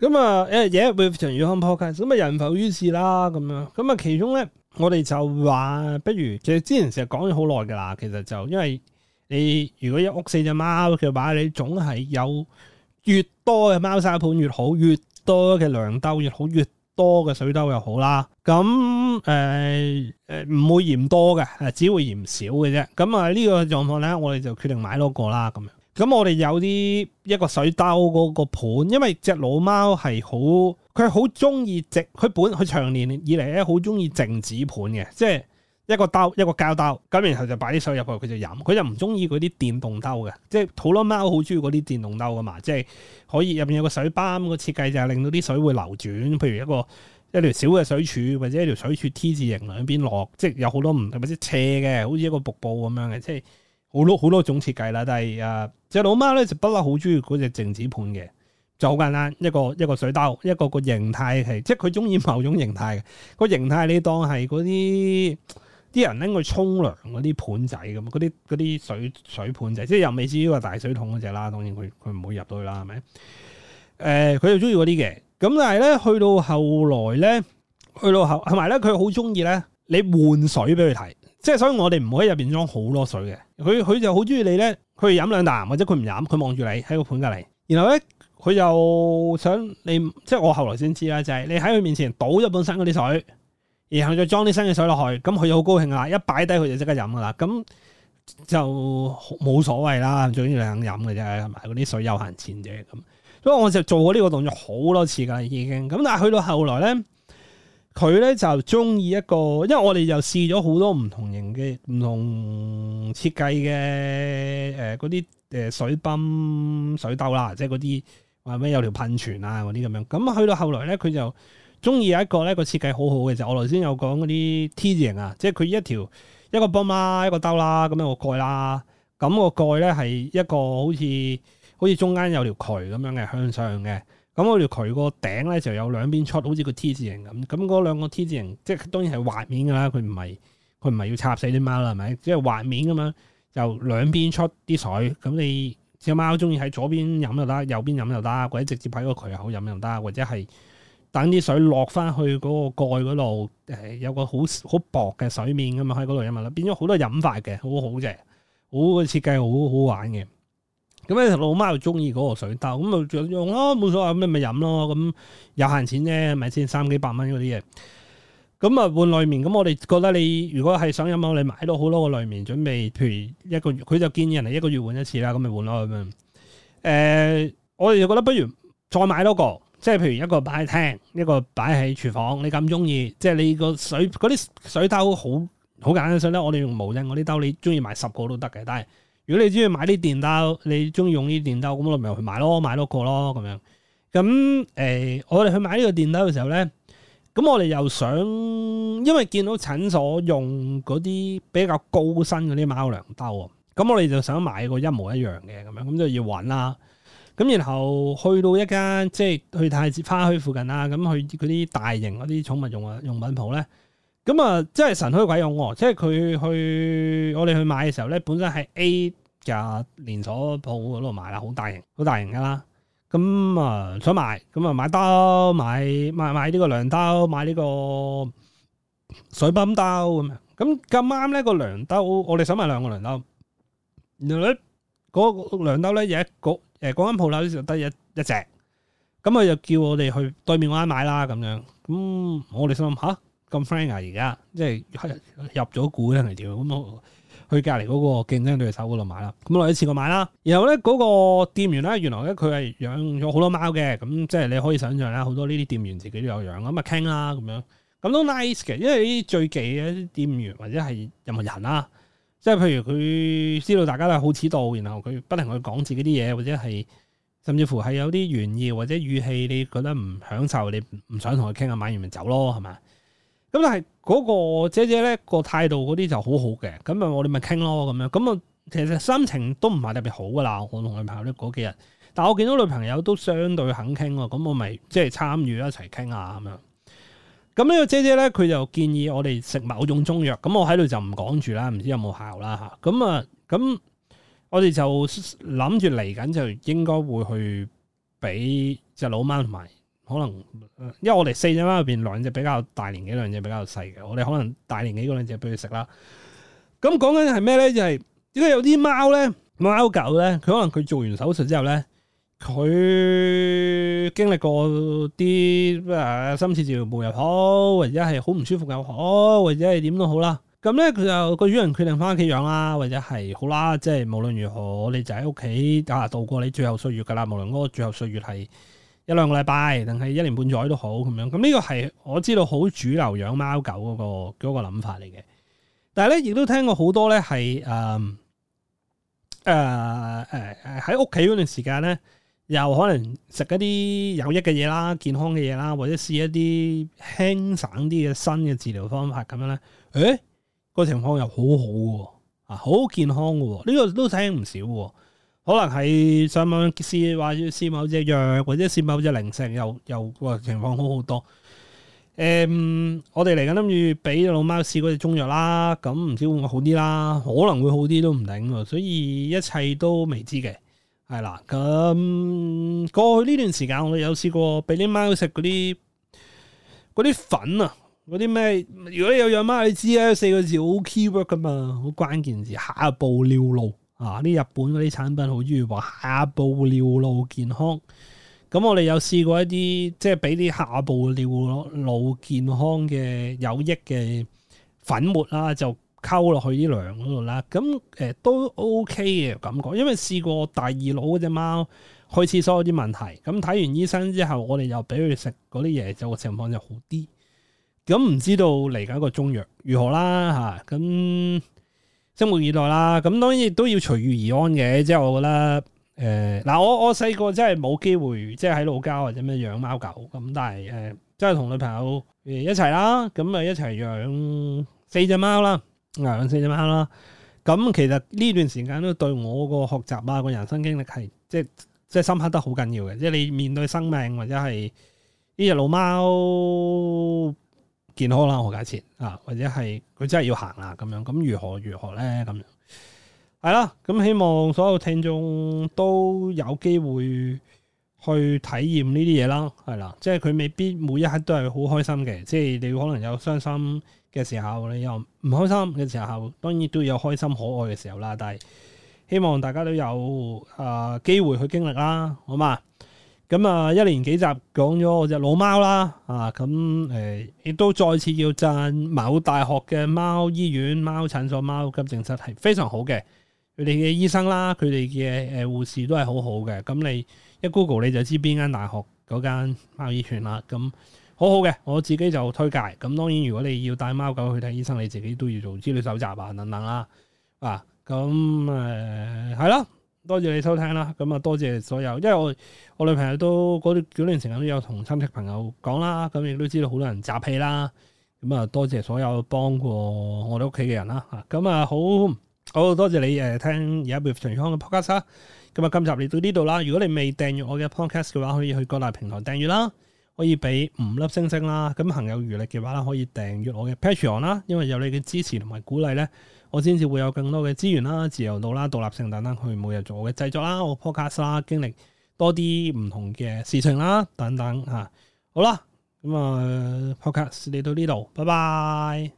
咁啊，誒、yeah, 嘢 With 長遠咁啊人浮於事啦，咁樣，咁啊其中咧，我哋就話不如，其實之前成日講咗好耐㗎啦。其實就因為你如果一屋四隻貓嘅話，你總係有越多嘅貓砂盤越好，越多嘅糧兜越好，越多嘅水兜又好啦。咁誒誒唔會嫌多嘅，只會嫌少嘅啫。咁啊呢個狀況咧，我哋就決定買多個啦，咁樣。咁我哋有啲一個水兜嗰個盤，因為隻老貓係好，佢好中意直佢本佢長年以嚟咧好中意靜止盤嘅，即係一個兜一個膠兜，咁然後就擺啲水入去佢就飲，佢就唔中意嗰啲電動兜嘅，即係好多貓好中意嗰啲電動兜㗎嘛，即係可以入面有個水泵，咁個設計就係令到啲水會流轉，譬如一個一條小嘅水柱或者一條水柱 T 字形兩邊落，即係有好多唔係咪即斜嘅，好似一個瀑布咁樣嘅，即好多好多種設計啦，但係誒隻老貓咧，就不嬲好中意嗰隻靜止盤嘅，就好簡單一個一個水兜，一個一個，一個形態係，即係佢中意某種形態嘅個形態，你當係嗰啲啲人拎去沖涼嗰啲盤仔咁，嗰啲啲水水盤仔，即係又未至於話大水桶嗰隻啦，當然佢佢唔會入到去啦，係咪？誒、呃，佢就中意嗰啲嘅，咁但係咧去到後來咧，去到後係埋咧，佢好中意咧，你換水俾佢睇。即係所以，我哋唔會喺入邊裝好多水嘅。佢佢就好中意你咧，佢飲兩啖或者佢唔飲，佢望住你喺個盤隔籬。然後咧，佢又想你，即係我後來先知啦，就係、是、你喺佢面前倒咗本身嗰啲水，然後再裝啲新嘅水落去。咁佢就好高興啦，一擺低佢就即刻飲噶啦。咁就冇所謂啦，總之你想飲嘅啫，同埋嗰啲水有閒錢啫。咁，所以我就做過呢個動作好多次噶啦，已經。咁但係去到後來咧。佢咧就中意一個，因為我哋又試咗好多唔同型嘅，唔同設計嘅誒，嗰啲誒水泵、水兜啦，即係嗰啲話咩有條噴泉啊，嗰啲咁樣。咁去到後來咧，佢就中意有一個咧個設計好好嘅就，我頭先有講嗰啲 T 字形啊，即係佢一條一個泵啦，一個兜啦，咁樣個蓋啦，咁個蓋咧係一個好似好似中間有條渠咁樣嘅向上嘅。咁我條渠個頂咧就有兩邊出，好似個 T 字型。咁咁嗰兩個 T 字型，即係當然係滑面噶啦。佢唔係佢唔係要插死啲貓啦，係咪？即係滑面噶嘛，就兩邊出啲水。咁你隻貓中意喺左邊飲又得，右邊飲又得，或者直接喺個渠口飲又得，或者係等啲水落翻去嗰個蓋嗰度，誒，有個好好薄嘅水面咁嘛，喺嗰度飲啊，變咗好多飲法嘅，好好隻，好個設計，好好玩嘅。咁老媽又中意嗰個水兜，咁咪用咯，冇所謂，咁咪咪飲咯。咁有限錢啫，咪先？三幾百蚊嗰啲嘢，咁啊換內面。咁我哋覺得你如果係想飲，我你買到好多個內面，準備譬如一個月，佢就建議人哋一個月換一次啦，咁咪換咯咁樣。誒、呃，我哋就覺得不如再買多個，即係譬如一個擺喺廳，一個擺喺廚房。你咁中意，即係你個水嗰啲水兜好好簡單，所以咧，我哋用無印嗰啲兜，你中意買十個都得嘅，但係。如果你中意買啲電刀，你中意用呢啲電刀，咁我咪去買咯，買多個咯咁樣。咁誒、欸，我哋去買呢個電刀嘅時候咧，咁我哋又想，因為見到診所用嗰啲比較高身嗰啲貓糧兜啊，咁我哋就想買一個一模一樣嘅咁樣，咁就要揾啦。咁然後去到一間即係去太子花墟附近啦，咁去嗰啲大型嗰啲寵物用嘅用品鋪咧，咁啊，即係神開鬼用喎！即係佢去我哋去買嘅時候咧，本身係 A。就連鎖鋪嗰度買啦，好大型，好大型噶啦。咁啊想買，咁啊買刀，買買買呢個涼刀，買呢個水泵刀咁樣。咁咁啱咧個涼刀，我哋想買兩個涼刀。原來咧個涼刀咧有一個，誒嗰間鋪咧就得一一隻。咁佢就叫我哋去對面灣買啦，咁樣。咁我哋心諗吓咁 friend 啊，而家、啊、即係入咗股定係點咁？去隔離嗰個競爭對手嗰度買啦，咁落一次過買啦，然後咧嗰、嗰個店員咧，原來咧佢係養咗好多貓嘅，咁即係你可以想像啦，好多呢啲店員自己都有養，咁啊傾啦咁樣，咁都 nice 嘅，因為呢啲最忌嘅店員或者係任何人啦、啊，即係譬如佢知道大家都係好遲到，然後佢不停去講自己啲嘢，或者係甚至乎係有啲願意或者語氣，你覺得唔享受，你唔想同佢傾啊，買完咪走咯，係咪？咁但係嗰個姐姐咧，個態度嗰啲就好好嘅，咁啊我哋咪傾咯咁樣，咁啊其實心情都唔係特別好噶啦，我同女朋友嗰幾日，但我見到女朋友都相對肯傾，咁我咪即係參與一齊傾下，咁樣。咁呢個姐姐咧，佢就建議我哋食某種中藥，咁我喺度就唔講住啦，唔知有冇效啦吓。咁啊，咁我哋就諗住嚟緊就應該會去俾隻老貓同埋。可能，因為我哋四隻貓入邊，兩隻比較大年紀，兩隻比較細嘅。我哋可能大年紀嗰兩隻俾佢食啦。咁講緊係咩咧？就係點解有啲貓咧、貓狗咧，佢可能佢做完手術之後咧，佢經歷過啲咩啊？深切治療部又好，或者係好唔舒服又好，或者係點都好啦。咁咧，佢就個主人決定翻屋企養啦，或者係好啦，即係無論如何，你就喺屋企啊度過你最後歲月噶啦。無論嗰個最後歲月係。一兩個禮拜，定係一年半載都好咁樣。咁呢個係我知道好主流養貓狗嗰個嗰個諗法嚟嘅。但係咧，亦都聽過好多咧，係誒誒誒誒喺屋企嗰段時間咧，又可能食一啲有益嘅嘢啦，健康嘅嘢啦，或者試一啲輕省啲嘅新嘅治療方法咁樣咧。誒，個情況又好好喎，啊，好健康嘅喎。呢個都聽唔少喎。可能係想問，試話要試某隻藥，或者試某隻零食，又又、呃、情況好好多。誒、嗯，我哋嚟緊諗住俾老貓試嗰隻中藥啦，咁唔知會唔會好啲啦，可能會好啲都唔定，所以一切都未知嘅。係啦，咁、嗯、過去呢段時間我有試過俾啲貓食嗰啲嗰啲粉啊，嗰啲咩？如果你有養貓，你知啦，四個字好 keyword 噶嘛，好關鍵字，下一步尿路。啊！啲日本嗰啲產品好似如話下部尿路健康。咁我哋有試過一啲，即係俾啲下部尿路健康嘅有益嘅粉末啦，就溝落去啲糧嗰度啦。咁、呃、都 OK 嘅感覺，因為試過大二佬嗰隻貓去廁所有啲問題。咁睇完醫生之後，我哋又俾佢食嗰啲嘢，就個情況就好啲。咁唔知道嚟緊個中藥如何啦？咁、啊。生活以來啦，咁當然亦都要隨遇而安嘅。即係我覺得，誒、呃、嗱，我我細個真係冇機會，即係喺老家或者咩養貓狗。咁但係誒，即係同女朋友誒一齊啦，咁啊一齊養四隻貓啦，養四隻貓啦。咁其實呢段時間都對我個學習啊，個人生經歷係即即深刻得好緊要嘅。即係你面對生命或者係呢隻老貓。.健康啦，我假設啊，或者係佢真係要行啦，咁樣咁如何如何咧？咁樣係啦，咁希望所有聽眾都有機會去體驗呢啲嘢啦，係啦，即係佢未必每一刻都係好開心嘅，即係你可能有傷心嘅時候，你又唔開心嘅時候，當然都有開心可愛嘅時候啦。但係希望大家都有呃機會去經歷啦，好嘛？咁啊，一連幾集講咗我隻老貓啦，啊咁誒，亦都再次要讚某大學嘅貓醫院、貓診所、貓急症室係非常好嘅，佢哋嘅醫生啦、佢哋嘅誒護士都係好好嘅。咁你一 Google 你就知邊間大學嗰間貓醫院啦，咁好好嘅。我自己就推介。咁當然，如果你要帶貓狗去睇醫生，你自己都要做資料搜集啊，等等啦、啊，啊咁係咯。啊啊多謝你收聽啦，咁啊多謝所有，因為我我女朋友都嗰幾年時間都有同親戚朋友講啦，咁亦都知道好多人集氣啦，咁啊多謝所有幫過我哋屋企嘅人啦，吓咁啊好好多謝你誒聽而家每場嘅 podcast，咁啊今集嚟到呢度啦，如果你未訂閱我嘅 podcast 嘅話，可以去各大平台訂閱啦。可以俾五粒星星啦，咁行有餘力嘅話啦，可以訂閱我嘅 patreon 啦，因為有你嘅支持同埋鼓勵咧，我先至會有更多嘅資源啦、自由度啦、獨立性等等，去每日做我嘅製作啦、我 podcast 啦、經歷多啲唔同嘅事情啦等等吓、啊。好啦，咁啊、呃、podcast 嚟到呢度，拜拜。